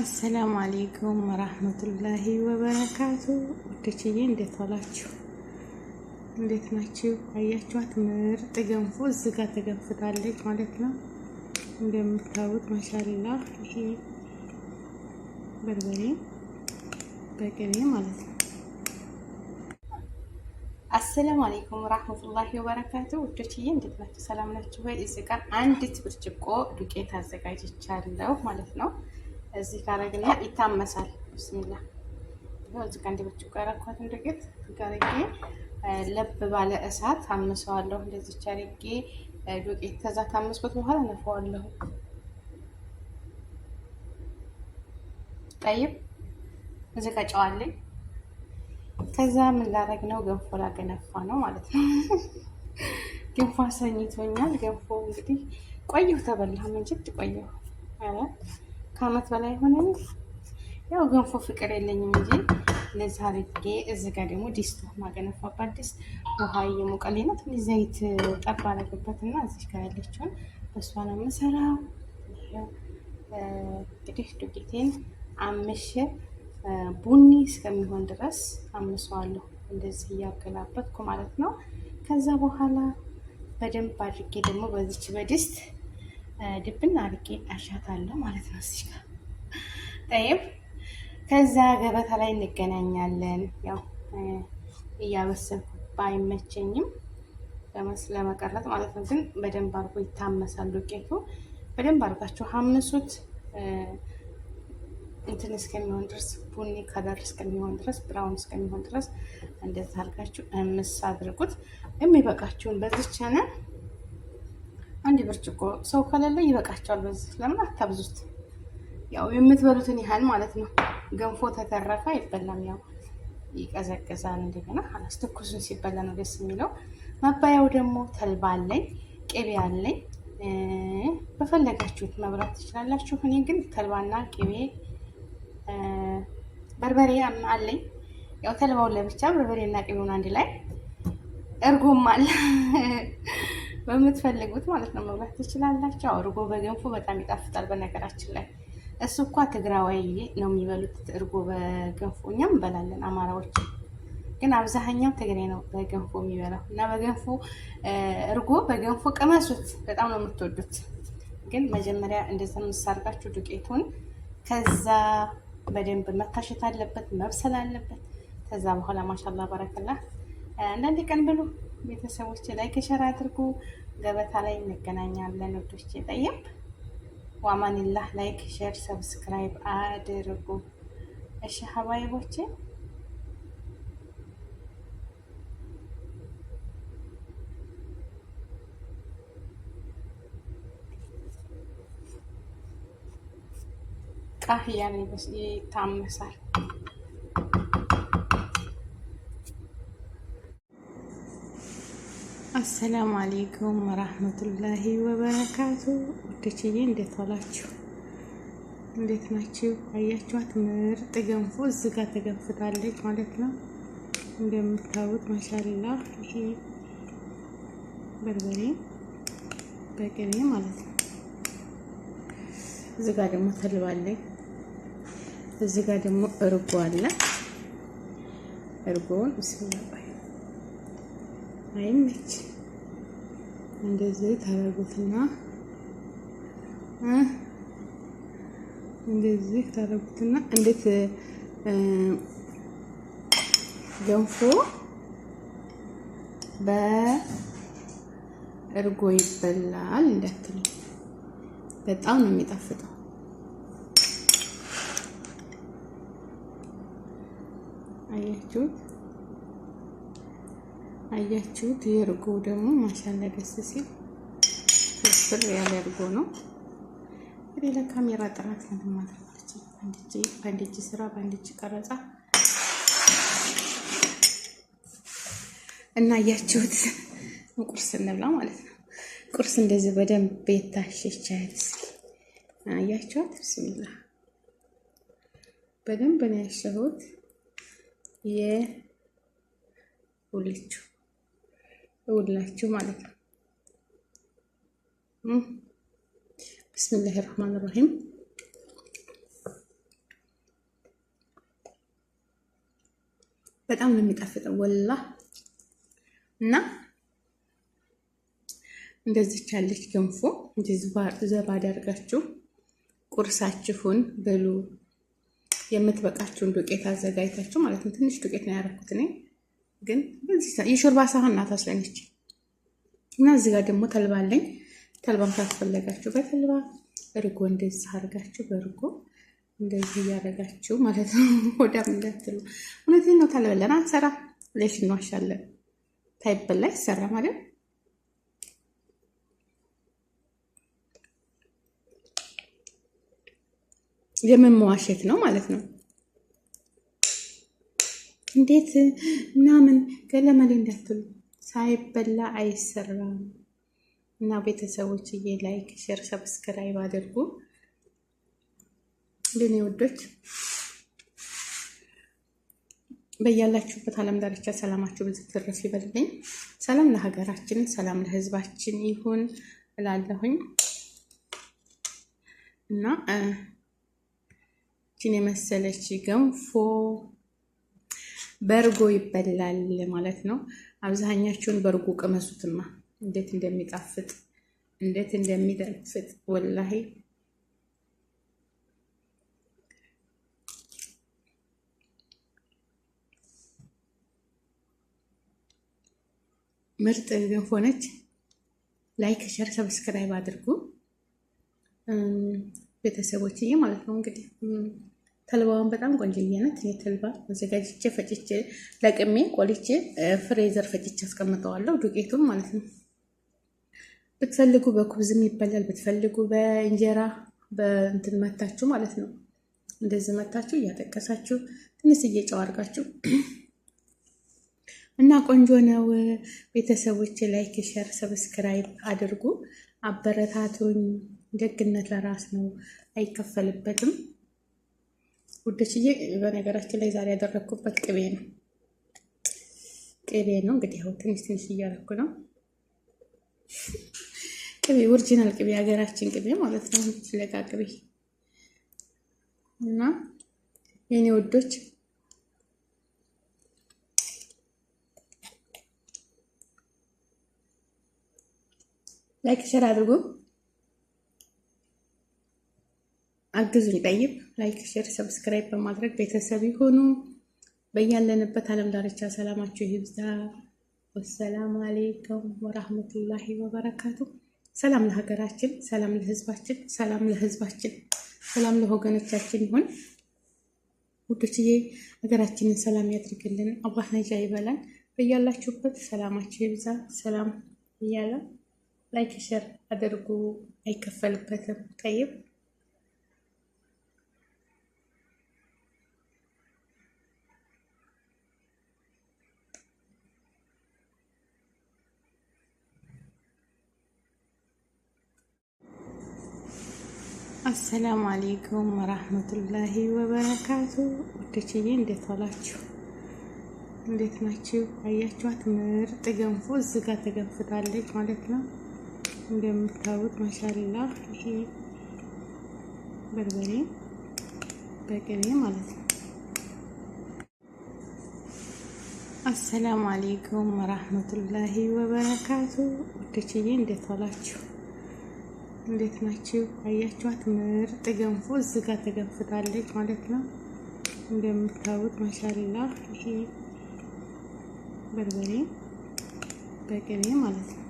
አሰላሙ አሌይኩም ወራህመቱላሂ ወበረካቱ። ወደችዬ እንዴት ዋላችሁ? እንዴት ናችሁ? አያችኋት ምርጥ ገንፎ እዚህ ጋር ተገንፍታለች ማለት ነው። እንደምታዩት ማሻላ ይሄ በርበሬ በቅቤ ማለት ነው። አሰላሙ አሌይኩም ወራህመቱላሂ ወበረካቱ። ወደችዬ እንዴት ናችሁ? ሰላም ናችሁ ወይ? እዚህ ጋር አንዲት ብርጭቆ ዱቄት አዘጋጅቻለሁ ማለት ነው። እዚህ ካረግና ይታመሳል። ብስሚላ ይኸው እዚህ ጋር እንደ ብርጭቆ ያረኳትን ዱቄት ጋርጌ ለብ ባለ እሳት አምሰዋለሁ። እንደዚህ አርጌ ዱቄት ከዛ ታመስኩት በኋላ ነፋዋለሁ። ጠይብ እዚህ ጋር ጨው አለኝ። ከዛ ምን ላረግ ነው? ገንፎ ላገነፋ ነው ማለት ነው። ገንፎ አሰኝቶኛል። ገንፎ እንግዲህ ቆየሁ ተበላሁ እንጂ ቆየሁ ከአመት በላይ ሆነን ያው ገንፎ ፍቅር የለኝም እንጂ ለዛ አድርጌ እዚ ጋር ደግሞ ዲስቱ ማገነፋባት ዲስት ውሃ እየሞቀልኝ ነው። ትንሽ ዘይት ጠብ አደረግበት እና እዚህ ጋር ያለችውን በእሷ ነው የምሰራው። እንግዲህ ዱቄቴን አምሽ ቡኒ እስከሚሆን ድረስ አምሰዋለሁ። እንደዚህ እያገላበትኩ ማለት ነው። ከዛ በኋላ በደንብ አድርጌ ደግሞ በዚች በድስት ድብና አድርጌ አሻታለሁ ማለት ነው። እዚህ ጋር ጠይብ፣ ከዛ ገበታ ላይ እንገናኛለን። ያው እያበሰልኩ ባይመቸኝም ለመቀረጥ ማለት ነው። ግን በደንብ አድርጎ ይታመሳል ዱቄቱ። በደንብ አድርጋችሁ ሀምሱት እንትን እስከሚሆን ድረስ ቡኒ ከለር እስከሚሆን ድረስ ብራውን እስከሚሆን ድረስ እንደዛ አድርጋችሁ እምስ አድርጉት የሚበቃችሁን በዚች አንድ ብርጭቆ ሰው ከሌለ ይበቃቸዋል። በዚህ ለምን አታብዙት? ያው የምትበሉትን ያህል ማለት ነው። ገንፎ ተተረፈ አይበላም። ያው ይቀዘቅዛል። እንደገና አላስ ትኩሱን ሲበላ ነው ደስ የሚለው። መባያው ደግሞ ተልባ አለኝ፣ ቅቤ አለኝ። በፈለጋችሁት መብላት ትችላላችሁ። እኔ ግን ተልባና ቅቤ በርበሬ አለኝ። ያው ተልባውን ለብቻ በርበሬና ቅቤውን አንድ ላይ እርጎም አለ በምትፈልጉት ማለት ነው መብላት ትችላላችሁ። እርጎ በገንፎ በጣም ይጣፍጣል። በነገራችን ላይ እሱ እኳ ትግራዋይ ነው የሚበሉት እርጎ በገንፎ። እኛም እንበላለን አማራዎች፣ ግን አብዛኛው ትግሬ ነው በገንፎ የሚበላው እና በገንፎ እርጎ በገንፎ ቅመሱት፣ በጣም ነው የምትወዱት። ግን መጀመሪያ እንደዛ የምሳርጋችሁ ዱቄቱን ከዛ በደንብ መታሸት አለበት፣ መብሰል አለበት። ከዛ በኋላ ማሻላ በረከላ አንዳንድ ቀን ብሉ። ቤተሰቦች ላይ ከሸር አድርጉ። ገበታ ላይ እንገናኛለን። ወዶች የጠየም ዋማኒላህ ላይክ፣ ሼር፣ ሰብስክራይብ አድርጉ። እሺ ሀባይቦቼ ቃህያን ይታመሳል። አሰላሙ አሌይኩም ወራህመቱላሂ ወበረካቱ። ውዶችዬ እንዴት ዋላችሁ? እንዴት ናችሁ? አያችኋት ምርጥ ገንፎ እዚህ ጋር ተገንፍታለች ማለት ነው። እንደምታዩት ማሻላ ይሄ በርበሬ በቅቤ ማለት ነው። እዚህ ጋር ደግሞ ተልባለኝ። እዚህ ጋር ደግሞ እርጎ አለ። እርጎውን ስላ አይመች እንደዚህ ታረጉትና እንደዚህ ታረጉትና እንዴት ገንፎ በእርጎ ይበላል እንዳትሉ፣ በጣም ነው የሚጣፍጠው። አያችሁት? አያችሁት። የእርጎ ደግሞ ማሻለ ደስ ሲል ፍርፍር ያለ እርጎ ነው። እንግዲህ ካሜራ ጥራት ለማድረጋች በአንድ እጅ ስራ በአንድ እጅ ቀረጻ እና አያችሁት። ቁርስ እንብላ ማለት ነው። ቁርስ እንደዚህ በደንብ ቤት ታሸቻት አያችኋት። ብስሚላ በደንብ ነው ያሸሁት የሁለችው እውላችሁ ማለት ነው። ብስሚላህ ራህማን ራሂም በጣም ነው የሚጣፍጠው ወላ እና እንደዚች ያለች ገንፎ እንደዚህ ዘባ አድርጋችሁ ቁርሳችሁን ብሉ። የምትበቃችሁን ዱቄት አዘጋጅታችሁ ማለት ነው። ትንሽ ዱቄት ነው ያደረኩት እኔ። ግን የሾርባ ሳህን ናት አስለነች እና እዚህ ጋር ደግሞ ተልባ አለኝ። ተልባም ካስፈለጋችሁ በተልባ እርጎ እንደዚህ አድርጋችሁ በእርጎ እንደዚህ እያደረጋችሁ ማለት ነው። ወዳም እንዳትሉ እውነቴን ነው። ታለበለና አንሰራ ሌሽ እንዋሻለን። ታይበላ ይሰራ ማለት የምን መዋሸት ነው ማለት ነው። እንዴት ምናምን ገለመሌ እንዳትሉ ሳይበላ አይሰራም። እና ቤተሰቦችዬ ላይክ፣ ሼር፣ ሰብስክራይብ አድርጉ። ግን ውዶች በያላችሁበት ዓለም ዳርቻ ሰላማችሁ ብዙ ትርፍ ይበልልኝ። ሰላም ለሀገራችን፣ ሰላም ለሕዝባችን ይሁን እላለሁኝ እና እችን የመሰለች ገንፎ በርጎ ይበላል ማለት ነው። አብዛኛችሁን በርጎ ቅመሱትማ እንዴት እንደሚጣፍጥ እንዴት እንደሚጣፍጥ ወላሂ ምርጥ ገንፎ ነች። ላይክ ሸር ሰብስክራይብ አድርጉ ቤተሰቦችዬ ማለት ነው እንግዲህ ተልባውን በጣም ቆንጆዬ ናት። የተልባ አዘጋጅቼ ፈጭቼ ለቅሜ ቆልቼ ፍሬዘር ፈጭቼ አስቀምጠዋለሁ። ዱቄቱም ማለት ነው። ብትፈልጉ በኩብዝም ይበላል፣ ብትፈልጉ በእንጀራ በእንትን መታችሁ ማለት ነው። እንደዚህ መታችሁ እያጠቀሳችሁ ትንሽ እየጨዋርጋችሁ እና ቆንጆ ነው። ቤተሰቦች ላይክ፣ ሸር፣ ሰብስክራይብ አድርጉ። አበረታቱኝ። ደግነት ለራስ ነው፣ አይከፈልበትም። ውዶችዬ በነገራችን ላይ ዛሬ ያደረግኩበት ቅቤ ነው። ቅቤ ነው እንግዲህ ያው ትንሽ ትንሽ እያደረኩ ነው። ቅቤ ኦሪጂናል ቅቤ ሀገራችን ቅቤ ማለት ነው። ለጋ ቅቤ እና የኔ ውዶች ላይክ ሸር አድርጉ። አግዙ ጠይብ ላይክ፣ ሼር፣ ሰብስክራይብ በማድረግ ቤተሰብ ይሁኑ። በያለንበት ዓለም ዳርቻ ሰላማችሁ ይብዛ። ወሰላም አሌይኩም ወራህመቱላሂ ወበረካቱ። ሰላም ለሀገራችን፣ ሰላም ለህዝባችን፣ ሰላም ለህዝባችን፣ ሰላም ለወገኖቻችን ይሁን። ውዶችዬ ሀገራችንን ሰላም ያድርግልን፣ አላህ ነጃ ይበላል። በያላችሁበት ሰላማችሁ ይብዛ። ሰላም እያለ ላይክ ሸር አድርጉ፣ አይከፈልበትም። ጠይብ አሰላሙ አሌይኩም ወራህመቱላሂ ወበረካቱ። ወደችዬ እንዴት ዋላችሁ? እንዴት ናችሁ? አያችኋት ምርጥ ገንፎ እዚህ ጋር ተገንፍታለች ማለት ነው። እንደምታዩት ማሻላ ይሄ በርበሬ በቅቤ ማለት ነው። አሰላሙ አሌይኩም ወራህመቱላሂ ወበረካቱ። ወደችዬ እንዴት ዋላችሁ? እንዴት ናችሁ? አያችኋት? ምርጥ ገንፎ እዚህ ጋር ተገንፍታለች ማለት ነው። እንደምታዩት ማሻላ ይሄ በርበሬ በቅቤ ማለት ነው።